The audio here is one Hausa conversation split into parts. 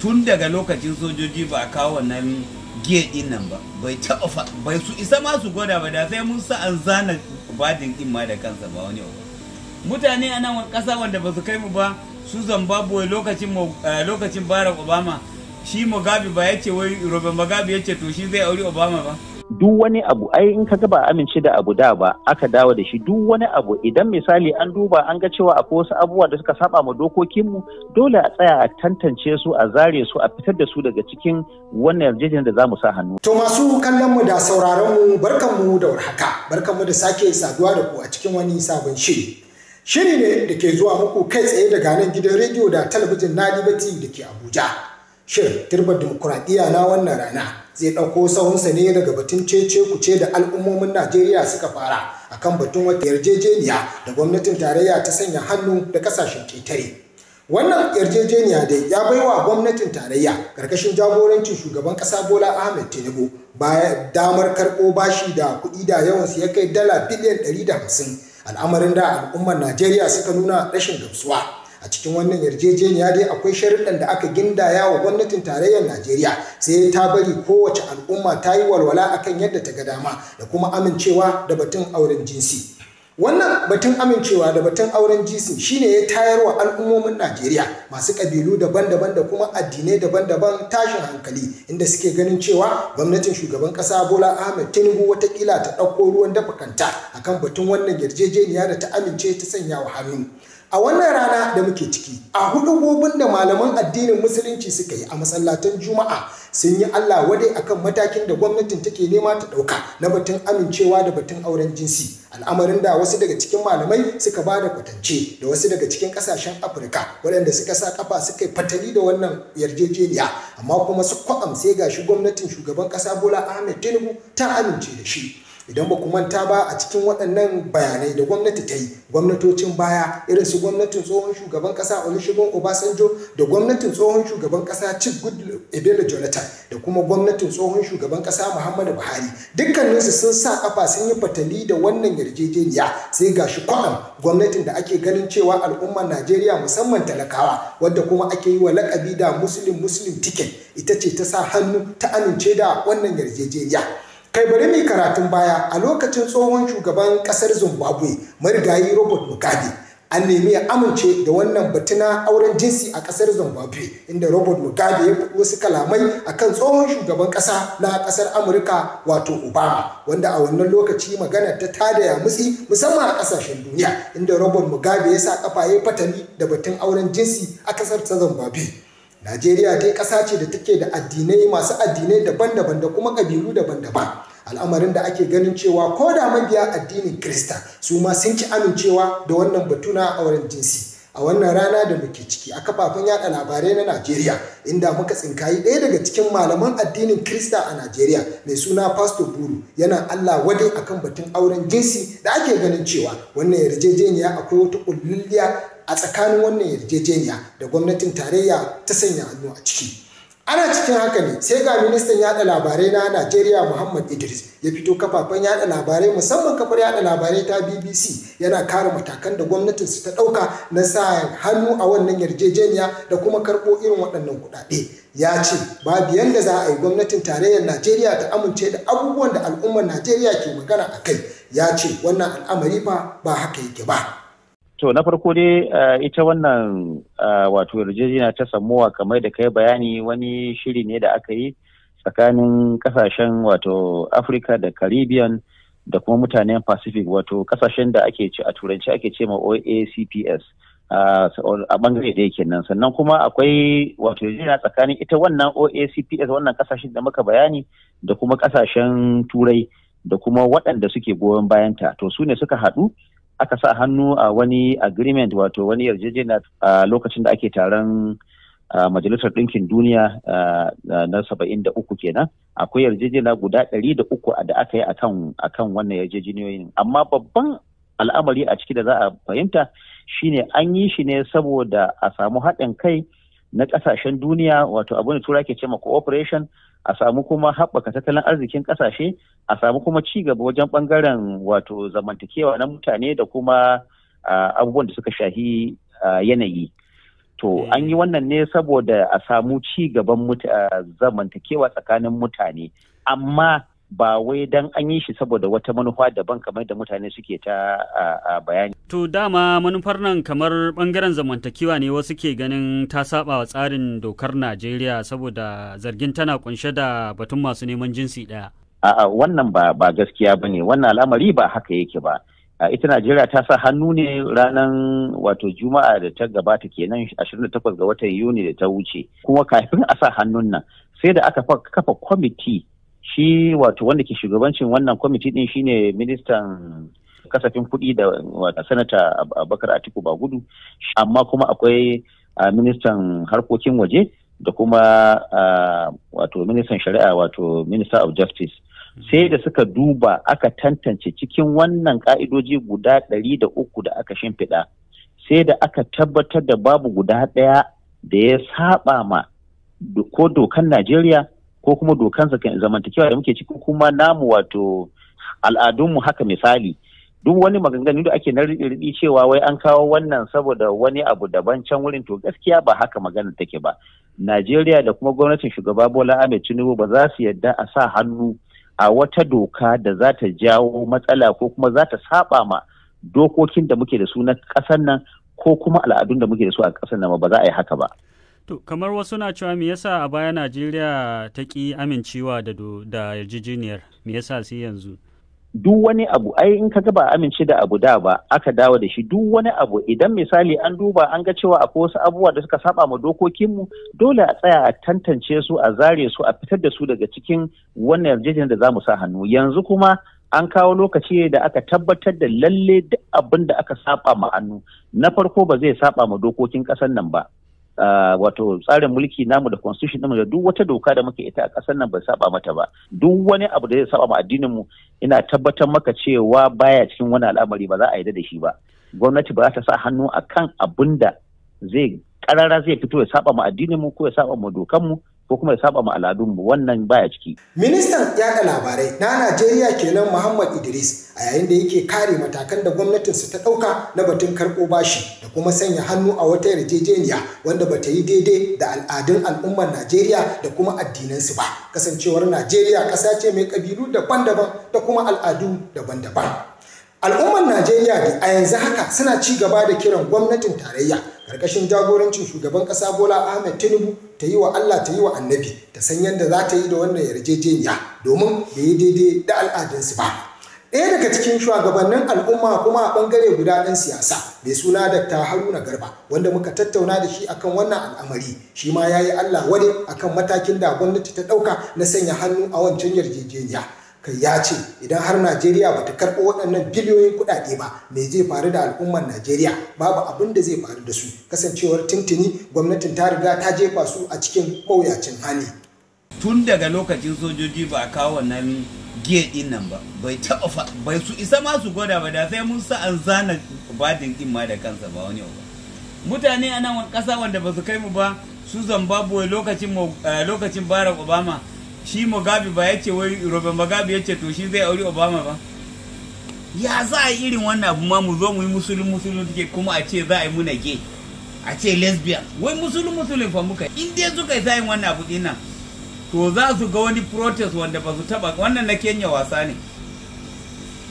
tun daga lokacin sojoji ba a kawo wannan gate din nan ba bai ta bai su isa ma su gwada ba da sai mun sa an zana badin din ma da kansa ba wani ba mutane a nan ƙasa wanda ba su kai mu ba su zimbabwe lokacin eh, barack obama shi mugabe ba ya ce wai robin mugabe ya ce to shi zai auri obama ba duk wani abu ai in kaga ba amince da abu da ba aka dawo da shi duk wani abu idan misali an duba an ga cewa akwai wasu abubuwa da suka saba mu dokokinmu dole a tsaya a tantance su a zare su a fitar da su daga cikin wannan yarjejeniyar da zamu sa hannu to masu kallon mu da sauraron mu barkan mu da warhaka barkan mu da sake saduwa da ku a cikin wani sabon shiri Shiri ne da ke zuwa muku kai tsaye daga nan gidan rediyo da talabijin na libati da ke Abuja. Shirin turbar dimokuraɗiyya na wannan rana zai ɗauko sahunsa ne daga batun cece kuce da al'ummomin Najeriya suka fara akan batun wata yarjejeniya da gwamnatin tarayya ta sanya hannu da kasashen ƙetare. Wannan yarjejeniya dai ya bai wa gwamnatin tarayya karkashin jagorancin shugaban ƙasa Bola Ahmed Tinubu baya damar karɓo bashi da kuɗi da yawansu ya kai dala biliyan ɗari da hamsin al'amarin da al'ummar najeriya suka nuna rashin gamsuwa a cikin wannan yarjejeniya dai akwai sharuɗan da aka gindaya wa gwamnatin tarayyar najeriya sai ta bari kowace al'umma ta yi walwala akan yadda ta ga dama da kuma amincewa da batun auren jinsi wannan batun amincewa da batun auren jisi shine ya tayar wa al'ummomin najeriya masu ƙabilu daban-daban da kuma addinai daban-daban tashin hankali inda suke ganin cewa gwamnatin shugaban ƙasa bola ahmed tinubu watakila ta ɗauko ruwan dafa kanta akan batun wannan yarjejeniya da ta amince ta sanya wa hannu a wannan rana da muke ciki a gobin da malaman addinin musulunci suka yi a masallatan juma'a sun yi allah wadai kan matakin da gwamnatin take nema ta dauka na batun amincewa da batun auren jinsi al'amarin da wasu daga cikin malamai suka ba da kwatance da wasu daga cikin kasashen afirka waɗanda suka sa kafa suka yi fatali da wannan yarjejeniya amma kuma su kwa'am sai gashi gwamnatin shugaban ƙasa bola ahmed tinubu ta amince da shi idan ba ku manta ba a cikin waɗannan bayanai da gwamnati ta yi gwamnatocin baya irin su gwamnatin tsohon shugaban ƙasa olusegun obasanjo da gwamnatin tsohon shugaban ƙasa chief goodluck ebele jonathan da kuma gwamnatin tsohon shugaban ƙasa muhammadu buhari dukkanin su sun sa kafa sun yi fatali da wannan yarjejeniya sai ga shi kwanan gwamnatin da ake ganin cewa al'ummar najeriya musamman talakawa wadda kuma ake yi wa lakabi da muslim muslim ticket ita ce ta sa hannu ta amince da wannan yarjejeniya kai bari mu karatun baya a lokacin tsohon shugaban kasar zimbabwe marigayi robert mugabe an nemi ya amince da wannan batuna auren jinsi a kasar zimbabwe inda robert mugabe ya faɗi wasu kalamai akan tsohon shugaban ƙasa na kasar amurka wato obama wanda a wannan lokaci magana ta tada ya mutsi musamman a ƙasashen duniya inda robert mugabe ya sa kafa ya fatali da batun auren jinsi a kasar ta zimbabwe Najeriya dai ƙasa ce da take da addinai masu addinai daban-daban da kuma ƙabilu daban-daban. al'amarin da ake ganin cewa ko da mabiya addinin krista su ma sun ci amincewa da wannan batu na auren jinsi a wannan rana da muke ciki a kafafen yada labarai na Najeriya inda muka tsinkayi ɗaya daga cikin malaman addinin Krista a Najeriya mai suna Pastor Buru yana Allah wadai akan batun auren jinsi da ake ganin cewa wannan yarjejeniya akwai wata kullulliya a tsakanin wannan yarjejeniya da gwamnatin tarayya ta sanya hannu a ciki ana cikin haka ne sai ga ministan yada labarai na najeriya muhammad idris ya fito kafafen yada labarai musamman kafar yada labarai ta bbc yana kare matakan da gwamnatin su ta dauka na sa hannu a wannan yarjejeniya da kuma karbo irin waɗannan kuɗaɗe ya ce babu yadda za a yi gwamnatin tarayyar najeriya ta amince da abubuwan da al'ummar najeriya ke magana a kai ya ce wannan al'amari fa ba haka yake ba To na farko dai eh, ita wannan eh, wato yarjejeniya ta samuwa kamar da kai bayani wani shiri ne da aka yi tsakanin kasashen wato Afrika da Caribbean da kuma mutanen Pacific wato kasashen da ake ce a turanci ake ce ma OACPS eh, a bangare da yake nan sannan kuma akwai wato yarjejeniya tsakanin ita wannan OACPS wannan kasashen da muka bayani da kuma kasashen turai da kuma waɗanda suke goyon bayanta to su ne suka haɗu aka sa hannu a wani agreement wato wani yarjejeniya a lokacin da ake taron majalisar ɗinkin duniya na saba'in da uku kenan akwai yarjejeniya guda ɗari da uku da aka yi a kan wannan yarjejeniyoyin amma babban al'amari a ciki da za a fahimta shine an yi shi ne saboda a samu haɗin kai na kasashen duniya wato abu ne tura ke ce ma cooperation a samu kuma haɓaka tattalin arzikin kasashe a samu kuma ci gaba wajen ɓangaren wato zamantakewa na mutane da kuma abubuwan da suka shahi yanayi. To eh. an yi wannan ne saboda a samu ci gaban zamantakewa tsakanin mutane. Amma ba wai dan an yi shi saboda wata manufa daban kamar da mutane suke ta bayani. To dama manufar nan kamar bangaren zamantakewa ne wasu ke ganin ta saba wa tsarin dokar Najeriya saboda zargin tana kunshe da batun masu neman jinsi ɗaya. A'a wannan ba ba gaskiya ba ne wannan al'amari ba haka yake ba. ita Najeriya ta sa hannu ne ranar wato Juma'a da ta gabata kenan 28 ga watan Yuni da ta wuce. Kuma kafin a sa hannun nan sai da aka kafa kwamiti shi wato wanda ke shugabancin wannan kwamiti din shine ministan kasafin kuɗi da sanata abubakar atiku gudu. amma kuma akwai ministan harkokin waje da kuma wato ministan shari'a wato minister of justice sai da suka duba aka tantance cikin wannan ka'idoji guda ɗari da uku da aka shimfiɗa sai da aka tabbatar da babu guda ɗaya da ya saba ma ko dokan najeriya ko kuma dokansa kan zamantakewa da muke ciki kuma namu wato al'adunmu haka misali duk wani maganganu da ake na riɗi cewa wai an kawo wannan saboda wani abu daban can wurin to gaskiya ba haka magana take ba Najeriya da kuma gwamnatin shugaba Bola Ahmed Tinubu ba za su yarda a sa hannu a wata doka da za ta jawo matsala ko kuma za ta saba ma dokokin da muke da su na ƙasar nan ko kuma al'adun da muke da su a ƙasar nan ba za a yi haka ba. To kamar wasu na cewa me yasa a baya Najeriya ta ki amincewa da da yarjejeniyar me yasa sai yanzu? Duk wani abu ai in ka ba amince da abu da ba aka dawo da shi duk wani abu idan misali an duba an ga cewa akwai wasu abubuwa da suka saba dokokin dokokinmu dole a tsaya a tantance su a zare su a fitar da su daga cikin wannan yarjejeniyar da za mu sa hannu yanzu kuma an kawo lokaci da aka tabbatar da lalle duk abin da aka saba ma hannu na farko ba zai saba ma dokokin ƙasar nan ba Ah, wato tsarin mulki namu da constitution namu da duk wata doka da muke ita a ƙasar nan bai saba mata ba duk wani abu da zai saba ma addinin mu ina tabbatar maka cewa baya cikin wani al'amari ba za a yarda da shi ba gwamnati ba za ta sa hannu akan abin da zai karara zai fito ya saba ma addinin mu ko ya saba ma dokan mu ko kuma ya saba ma mu wannan baya ciki. Ministan yaɗa labarai na Najeriya kenan Muhammad Idris a yayin da yake kare matakan da gwamnatinsa ta ɗauka na batun karɓo bashi da kuma sanya hannu a wata yarjejeniya wanda bata yi daidai da al'adun al'ummar Najeriya da kuma addinansu ba. Kasancewar Najeriya ƙasa ce mai ƙabilu daban-daban da kuma al'adu daban-daban. Al'ummar Najeriya da a yanzu haka suna ci gaba da kiran gwamnatin tarayya karkashin jagorancin shugaban ƙasa Bola Ahmed Tinubu ta yi wa Allah ta yi wa annabi ta san yadda za ta yi da wannan yarjejeniya domin da ya daidai da al'adunsu ba. Ɗaya daga cikin shugabannin al'umma kuma a ɓangare guda ɗan siyasa mai suna Dr. Haruna Garba wanda muka tattauna da shi akan wannan al'amari shi ma ya yi Allah wani akan matakin da gwamnati ta ɗauka na sanya hannu a wancan yarjejeniya. kai ya ce idan har najeriya bata karɓo waɗannan biliyoyin kuɗaɗe ba me zai faru da al'ummar najeriya babu abin da zai faru da su kasancewar tintini gwamnatin ta riga ta jefa su a cikin mawuyacin hali tun daga lokacin sojoji ba a kawo wannan giya ɗin nan ba bai taɓa bai su isa ma su gwada ba da sai mun sa an zana badin ɗin ma da kansa ba wani ba mutane a nan ƙasa wanda ba su kai mu ba su zimbabwe lokacin eh, barack obama shi mugabe ba ya ce wai robin mugabe ya ce to shi zai auri obama ba ya za a yi irin wannan abu ma mu zo mu yi musulun musulun take kuma a ce za a yi muna ge a ce lesbian wai musulun musulun fa muka in dai suka yi sayin wannan abu din to za su ga wani protest wanda ba su taba wannan na kenya wasa ne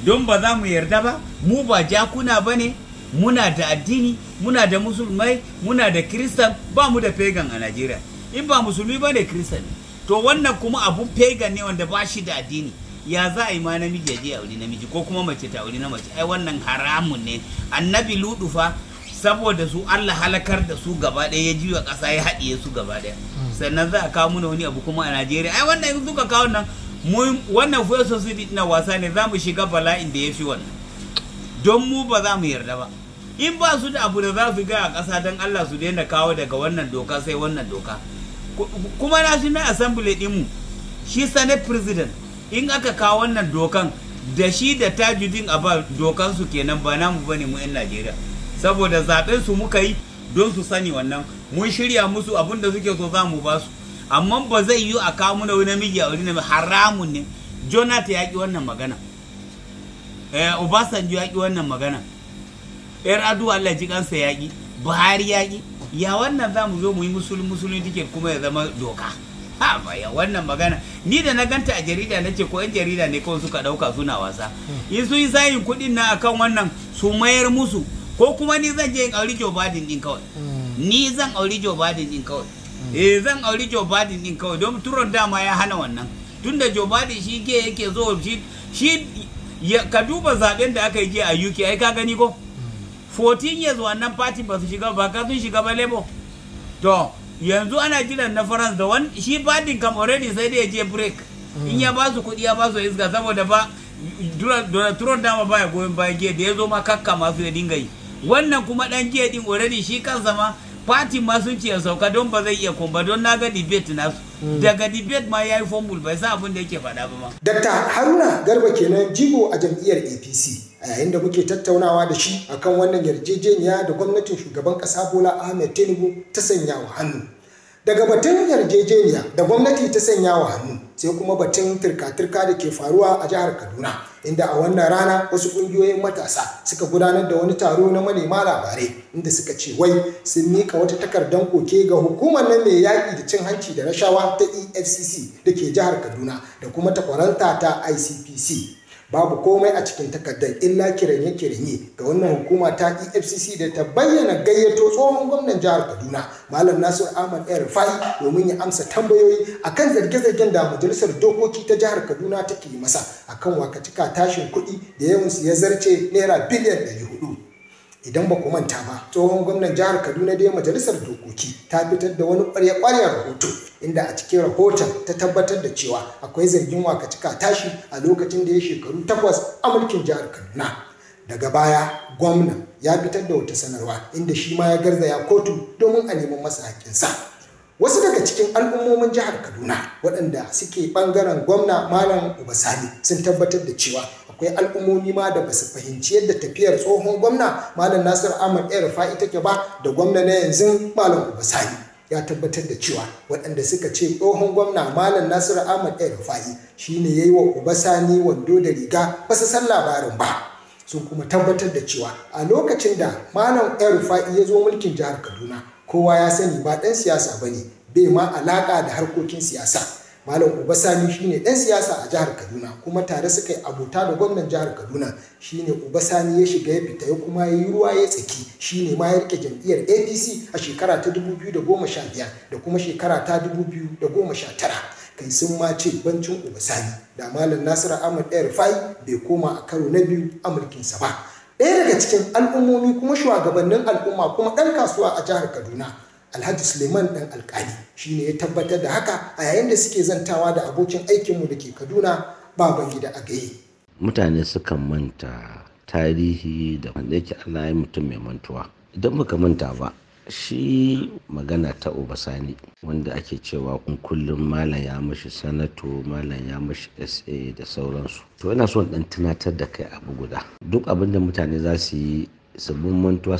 don ba za mu yarda ba mu ba jakuna ba ne muna da addini muna da musulmai muna da kristan ba mu da pagan a najeriya in ba musulmi ba ne kristan ne to wannan kuma abu pagan ne wanda ba shi da addini ya za a yi ma namiji ya je aure namiji ko kuma mace ta wuri na mace ai wannan haramun ne annabi ludu fa saboda su Allah halakar da su gaba ɗaya ya wa ƙasa ya haɗiye su gaba ɗaya hmm. sannan za a kawo muna wani abu kuma a Najeriya ai wannan yanzu ka kawo nan wannan fuel sosai na wasa ne za mu shiga bala'in da ya fi wannan don mu ba za mu yarda ba in ba su da abu da za su gaya a ƙasa don Allah su daina kawo daga wannan doka sai wannan doka kuma national assembly dinmu shi senate president in aka kawo wannan dokan da shi da tajudin ba dokan su kenan ba namu bane mu yan najeriya saboda zaben su muka yi don su sani wannan mun shirya musu abin da suke so za mu ba su amma ba zai yi a kawo muna wani namiji a wani haramun ne jonathan ya ki wannan magana eh obasanjo ya ki wannan magana yar adu allah ji kansa ya buhari ya ya wannan za mu zo mu yi musulun musulun take kuma ya zama doka ha ba ya wannan magana ni da na ganta a jarida na ce ko yan jarida ne kawai suka dauka suna wasa in sun yi sayin kuɗin na akan wannan su mayar musu ko kuma ni zan je in auri Joe Biden din kawai hmm. ni zan auri Joe Biden din kawai hmm. eh zan auri Joe Biden din kawai don turon dama ya hana wannan tunda Joe Biden shi ke yake zo shi shi ka duba zaben da aka yi a UK ai ka gani ko 14 years wannan party ba su shiga ba ka sun shiga ba lebo to yanzu ana jiran na france da wani shi party kam already sai dai ya je break in ya ba su kuɗi ya ba su iska saboda ba donald trump dama baya goyon baya jiya da ya zo ma kakka masu ya dinga yi wannan kuma dan jiya din already shi kansa zama party ma sun ce ya sauka don ba zai iya kumba don na ga debate nasu hmm. daga debate ma ya yi fomul bai sa abin da yake faɗa ba ma. haruna garba kenan jigo a jam'iyyar apc a yayin da muke tattaunawa da shi akan wannan yarjejeniya da gwamnatin shugaban ƙasa bola ahmed tinubu ta sanya wa hannu daga batun yarjejeniya da gwamnati ta sanya wa hannu sai kuma batun turka-turka da ke faruwa a jihar kaduna inda a wannan rana wasu ƙungiyoyin matasa suka gudanar da wani taro na manema labarai inda suka ce wai sun mika wata takardar koke ga hukumar nan mai yaƙi da cin hanci da rashawa ta efcc da ke jihar kaduna da kuma takwaranta ta icpc babu komai a cikin takardar illa kiranye-kiranye ga wannan hukuma ta efcc da ta bayyana gayyato tsohon gwamnan jihar kaduna malam nasir ahmad el rufai domin ya amsa tambayoyi a kan zarge-zargen da majalisar dokoki ta jihar kaduna take yi masa akan wakacika tashin kuɗi da su ya zarce naira biliyan ɗari hudu idan ba ku manta ba tsohon gwamnan jihar kaduna da dai majalisar dokoki ta fitar da wani ƙwarya-ƙwaryar rahoto inda a cikin rahoton ta tabbatar da cewa akwai zargin wakacika tashi a lokacin da ya shekaru takwas a mulkin jihar kaduna daga baya gwamna ya fitar da wata sanarwa inda shi ma ya garzaya kotu domin a neman masa hakinsa. wasu daga cikin al'ummomin jihar kaduna waɗanda suke ɓangaren gwamna malam ubasani sun tabbatar da cewa akwai al'ummomi ma da basu fahimci yadda tafiyar tsohon gwamna malam nasir ahmad rufa ita ke ba da gwamna na yanzu malam ubasani ya tabbatar da cewa waɗanda suka ce tsohon gwamna malam nasiru ahmad el rufa'i shine ya yi wa Sani wando da riga ba su san labarin ba sun kuma tabbatar da cewa a lokacin da malam el rufa'i ya zo mulkin jihar kaduna kowa ya sani ba ɗan siyasa ba ne bai ma alaƙa da harkokin siyasa Malam Uba Sani shine ɗan siyasa a jihar Kaduna kuma tare suka yi abota da gwamnan jihar Kaduna shine Uba Sani ya shiga ya fita ya kuma yi ruwa ya tsaki shine ma ya rike jam'iyyar APC a shekara ta 2015 da kuma shekara ta 2019 kai sun ma ce bancin Uba Sani da Malam Nasiru Ahmad 'air fai bai koma a karo na biyu a sa ba. Ɗaya daga cikin al'ummomi kuma shugabannin al'umma kuma ɗan kasuwa a jihar Kaduna alhaji suleiman dan alkali shi ne ya tabbatar da haka a yayin da suke zantawa da abokin aikinmu da ke kaduna baban gida a gaye mutane sukan manta tarihi da wanda yake allah ya mutum mai mantuwa idan muka manta ba shi magana ta obasani wanda ake cewa kullum malam ya mashi sanato malam ya mashi sa da sauransu to yana son dan tunatar da kai abu guda duk abinda mutane za su yi sabbin mantuwa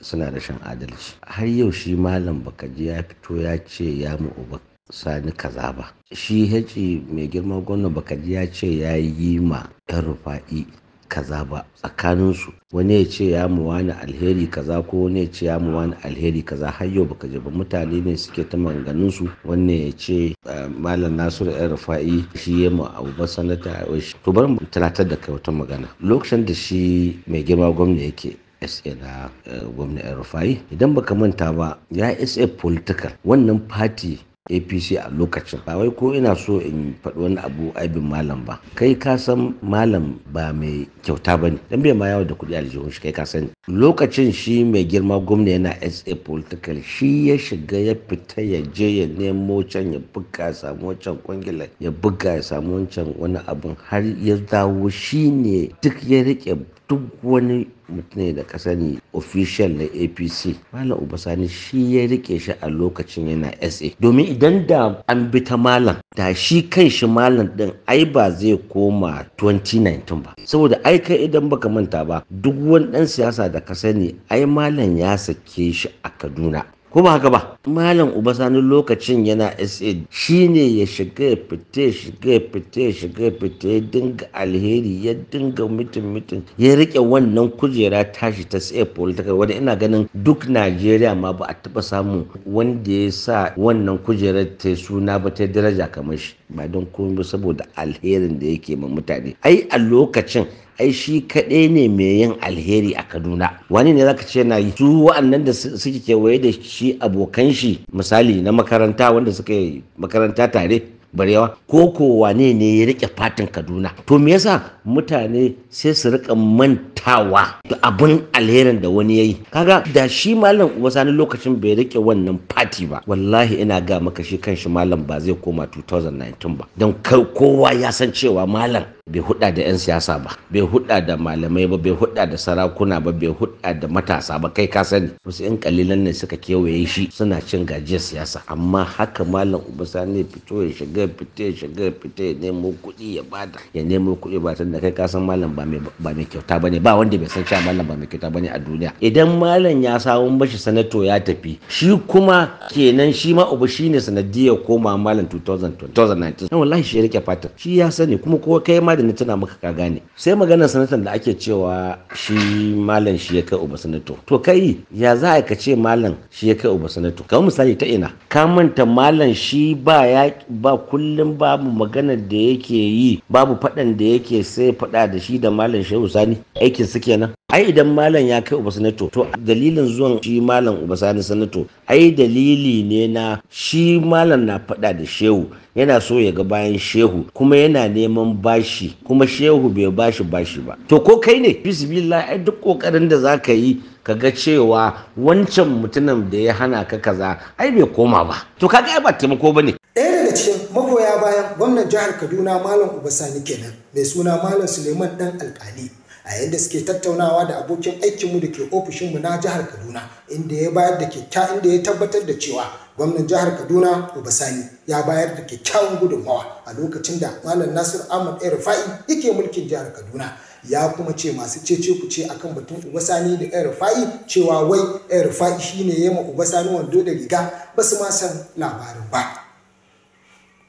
suna da shan adalci har yau shi malam bakaji ya fito ya ce ya mu uba sani kaza ba shi haji e mai girma gwamna bakaji ya ce ya yi ma yan rufa'i kaza ba tsakaninsu wani ya ce ya mu alheri kaza ko wani ya ce ya mu alheri kaza har yau baka je ba mutane ne suke ta maganganunsu wani ya ce eh, malam nasiru yan rufa'i shi ya mu abubuwan sanata a wasu to bari mu tunatar da kai wata magana lokacin da shi mai girma gwamna yake sa na eh, gwamna yan rufa'i idan baka manta ba ya sa political wannan fati apc a lokacin ba wai ko ina so in faɗi wani abu aibin malam ba kai ka san malam ba mai kyauta ba ne dan bai ma yawo da kuɗi aljihun shi kai ka sani. lokacin shi mai girma gwamna yana sa political shi ya shiga ya fita ya je ya nemo can ya buga ya samu wancan kwangila ya buga ya samu wancan wani abun har ya dawo shi ne duk ya rike duk wani mutum ne da ka sani official na apc malam obasani shi ya rike shi a lokacin yana sa domin idan da an bi ta malam da shi kan shi malam din ai ba zai koma 2019 ba saboda ai kai idan baka manta ba duk wani dan siyasa da ka sani ai malam ya sake shi a kaduna ko ba haka ba malam uba Sani lokacin yana sa shine ya shiga ya fita shiga ya fita shiga ya fita ya dinga alheri ya dinga mutum mutum ya rike wannan kujera tashi ta tsaye political wanda ina ganin duk najeriya ma ba a taba samu wanda ya sa wannan kujerar ta suna ba ta daraja kamar shi ba don komai saboda alherin da yake ma mutane ai a lokacin ai shi kaɗai ne mai yin alheri a kaduna wani ne zaka ce na su wa'annan da suke kewaye da shi abokan shi misali na makaranta wanda suka yi makaranta tare barewa ko ko wane ne ya rike fatin kaduna to me yasa mutane sai su rika mantawa da abin alherin da wani yayi kaga da shi malam uba sani lokacin bai rike wannan fati ba wallahi ina ga maka shi kanshi malam ba zai koma 2019 ba don kowa ya san cewa malam bai hudda da 'yan siyasa ba bai hudda da malamai ba bai hudda da sarakuna ba bai hudda da matasa ba kai ka sani wasu 'yan kalilan ne suka kewaye shi suna cin gajiyar siyasa amma haka malam ubasani fito ya shiga fita ya shiga fita ya nemo kuɗi ya bada ya nemo kuɗi ba ta da kai ka san malam ba mai kyauta bane ba wanda bai san cewa malam ba mai kyauta bane a duniya idan malam ya samu bashi sanato ya tafi shi kuma kenan shi ma ubu shine sanadiyar koma malam 2019 wallahi shi ya rike fatan shi ya sani kuma ko kai ma da ni tana maka ka gane sai maganar sanatan da ake cewa shi malam shi ya kai uba sanato to kai ya za a ka ce malam shi ya kai uba sanato kamar misali ta ina ka manta malam shi ba ya ba kullum babu maganar da yake yi babu faɗan da yake sai sai ya faɗa da shi da malam shehu sani aikin su kenan ai idan malam ya kai uba sanato to dalilin zuwan shi malam uba sani sanato ai dalili ne na shi malam na faɗa da shehu yana so ya ga bayan shehu kuma yana neman bashi kuma shehu bai bashi bashi ba to ko kai ne bismillah ai duk kokarin da za ka yi ka ga cewa wancan mutumin da ya hana ka kaza ai bai koma ba to kaga ai ba taimako bane ɗaya daga cikin bayan gwamnan jihar kaduna malam uba sani kenan mai suna malam suleiman dan alkali a yadda suke tattaunawa da abokin aikinmu da ke ofishinmu na jihar kaduna inda ya bayar da kyakkya inda ya tabbatar da cewa gwamnan jihar kaduna uba sani ya bayar da kyakkyawan gudunmawa a lokacin da malam nasir ahmad rufa'i yake mulkin jihar kaduna ya kuma ce masu cece ku ce akan batun ubasani da yan rufa'i cewa wai ya rufa'i shine ya yi uba ubasani wando da riga ba su ma san labarin ba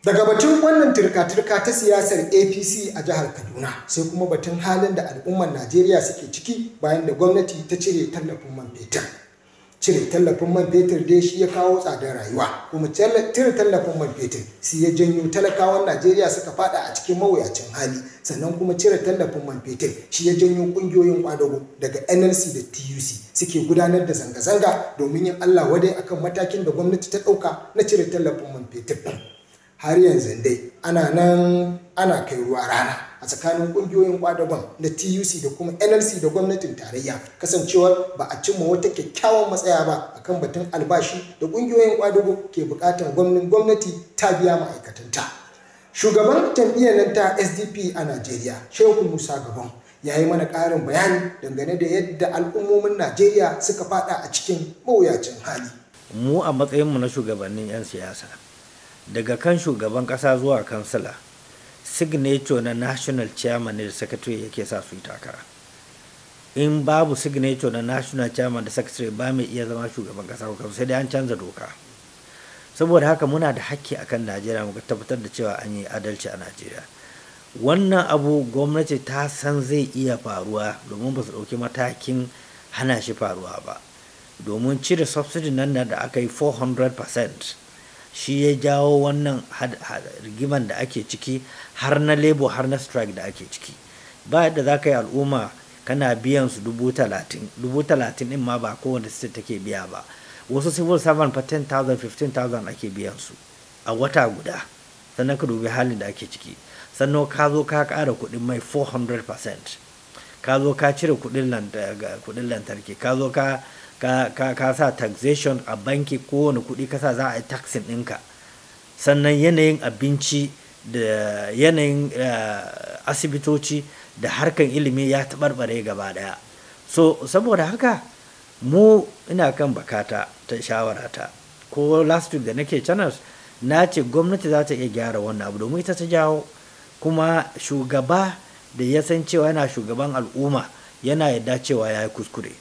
Daga batun wannan turka-turka ta siyasar APC a jihar Kaduna sai kuma batun halin da al'ummar Najeriya suke ciki bayan da gwamnati ta cire tallafin man fetur. Cire tallafin man fetur dai shi ya kawo tsadar rayuwa, kuma cire tallafin man fetur shi ya janyo talakawan Najeriya suka fada a cikin mawuyacin hali, sannan kuma cire tallafin man fetur shi ya janyo kungiyoyin kwadago daga NLC da TUC suke gudanar da zanga-zanga domin yin Allah wadai akan matakin da gwamnati ta ɗauka na cire tallafin man fetur har yanzu dai ana nan ana kai ruwa rana a tsakanin ƙungiyoyin kwadagon na tuc da kuma nlc da gwamnatin tarayya kasancewar ba a cimma wata kyakkyawan matsaya ba a kan batun albashi da ƙungiyoyin kwadago ke bukatar gwamnati ta biya ma'aikatanta shugaban jam'iyyar nan ta sdp a najeriya shehu musa gabon ya yi mana ƙarin bayani dangane da yadda al'ummomin najeriya suka fada a cikin mawuyacin hali mu a matsayinmu na shugabannin 'yan siyasa daga kan shugaban ƙasa zuwa kansila signature na national chairman da secretary yake sa su yi takara in babu signature na national chairman da secretary ba mai iya zama shugaban ƙasa ko sai dai an canza doka saboda haka muna da hakki akan najeriya muka tabbatar da cewa an yi adalci a najeriya wannan abu gwamnati ta san zai iya faruwa domin ba su ɗauki matakin hana shi faruwa ba domin cire subsidy nan da aka yi 400% shi ya jawo wannan rigiman da ake ciki har na labor har na strike da ake ciki ba yadda za ka yi al'umma kana biyan su dubu talatin dubu talatin din ma ba kowane state take biya ba wasu civil servant fa 10,000 15,000 ake biyan su a wata guda sannan ka dubi halin da ake ciki sannan ka zo ka ƙara kuɗin mai 400% ka zo ka cire kuɗin lantarki ka zo ka ka sa taxation a banki kowane kuɗi kasa za a yi taxin ɗinka sannan yanayin abinci da yanayin eh, asibitoci da harkan ilimi ya taɓarɓare gaba ɗaya so saboda haka mu ina kan bakata ta shawara ta ko last week da nake channels na ce gwamnati za ta iya gyara wannan abu domin ita ta jawo kuma shugaba da ya san cewa yana shugaban al'umma yana yadda cewa ya yi kuskure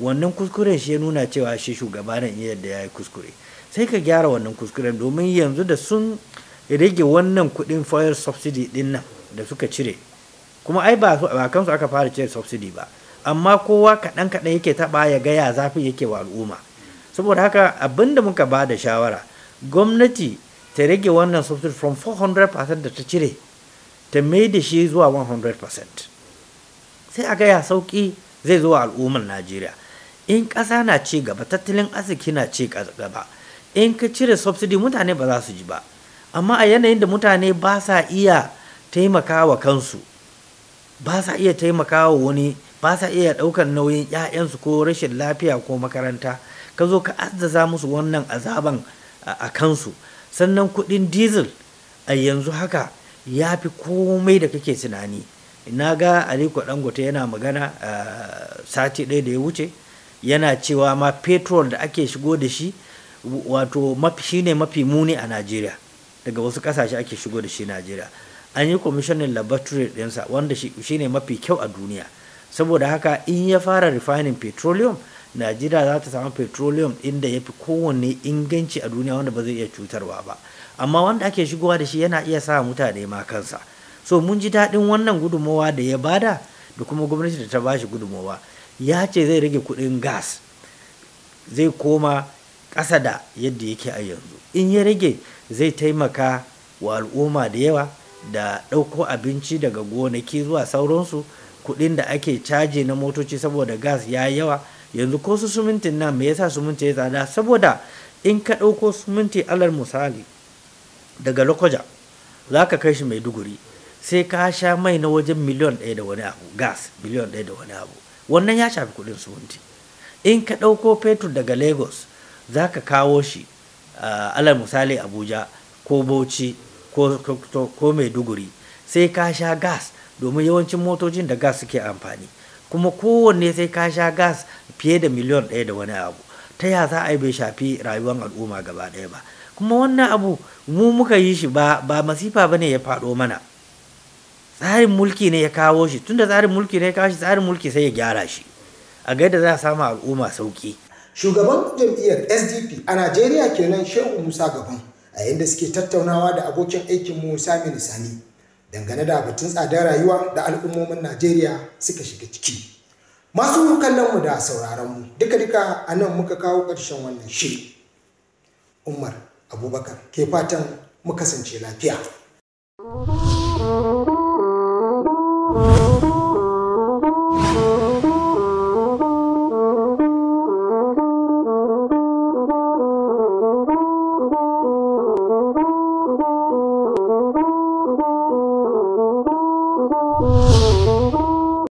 wannan kuskuren shi ya nuna cewa shi shugaba ne yadda ya yi kuskure sai ka gyara wannan kuskuren domin yanzu da sun rage wannan kuɗin fire subsidy din nan da suka cire kuma ai ba kansu aka fara cire subsidy ba amma kowa kaɗan kaɗan yake taɓa ya gaya zafi yake wa al'umma saboda haka abinda muka ba da shawara gwamnati ta rage wannan subsidy from 400% da ta cire ta mai da shi zuwa 100% sai a gaya sauki zai zo wa al'ummar najeriya in ƙasa na ci gaba tattalin arziki na ci gaba in ka cire subsidy mutane ba za su ji ba amma a yanayin da mutane ba sa iya taimakawa kansu ba sa iya taimakawa wani ba sa iya ɗaukar nauyin 'ya'yansu ko rashin lafiya ko makaranta ka zo ka azaza musu wannan azaban a kansu sannan kuɗin diesel a yanzu haka ya fi komai da kake tunani na ga aliko dangote yana magana eh, sati ɗaya da ya wuce yana cewa ma petrol da ake shigo da shi wato shine mafi muni a najeriya daga wasu kasashe ake shigo da shi najeriya an yi commissioning laboratory ɗinsa wanda shine mafi kyau a duniya saboda haka in ya fara refining petroleum najeriya za ta samu petroleum inda ya fi kowanne inganci a duniya wanda ba zai iya cutarwa ba amma wanda ake shigowa da shi yana iya sa mutane ma kansa so mun ji daɗin wannan gudunmowa da ya bada da kuma gwamnati da ta bashi gudunmowa ya ce zai rage kudin gas zai koma ƙasa da yadda yake a yanzu in ya rage zai taimaka wa al'umma da yawa da ɗauko abinci daga gonaki zuwa sauransu kudin da ake caji na motoci saboda gas ya yawa yanzu ko su sumintin nan me yasa suminti ya tsada saboda in ka ɗauko suminti alal misali daga lokoja za ka kai shi maiduguri sai ka sha mai na wajen miliyon daya da wani abu gas miliyon ɗaya da wani abu wannan ya shafi kuɗin sumunti in ka ɗauko fetur daga lagos za ka kawo shi ah, alal misali abuja ko bauchi ko maiduguri sai ka sha gas domin yawancin motocin da gas suke amfani kuma kowanne sai ka sha gas fiye da miliyon ɗaya da wani abu ta ya za a yi bai shafi rayuwar al'umma gaba ɗaya ba kuma wannan abu mu muka yi shi ba masifa ba ne ya faɗo mana tsarin mulki ne ya kawo shi tunda tsarin mulki ne ya kawo shi tsarin mulki sai ya gyara shi a ga yadda za a samu al'umma sauki shugaban jam'iyyar sdp a najeriya kenan shehu musa gaban a yadda suke tattaunawa da abokin aikin musa sani dangane da batun tsadar rayuwa da al'ummomin najeriya suka shiga ciki masu kallon mu da sauraron mu duka duka a nan muka kawo ƙarshen wannan shi umar abubakar ke fatan mu kasance lafiya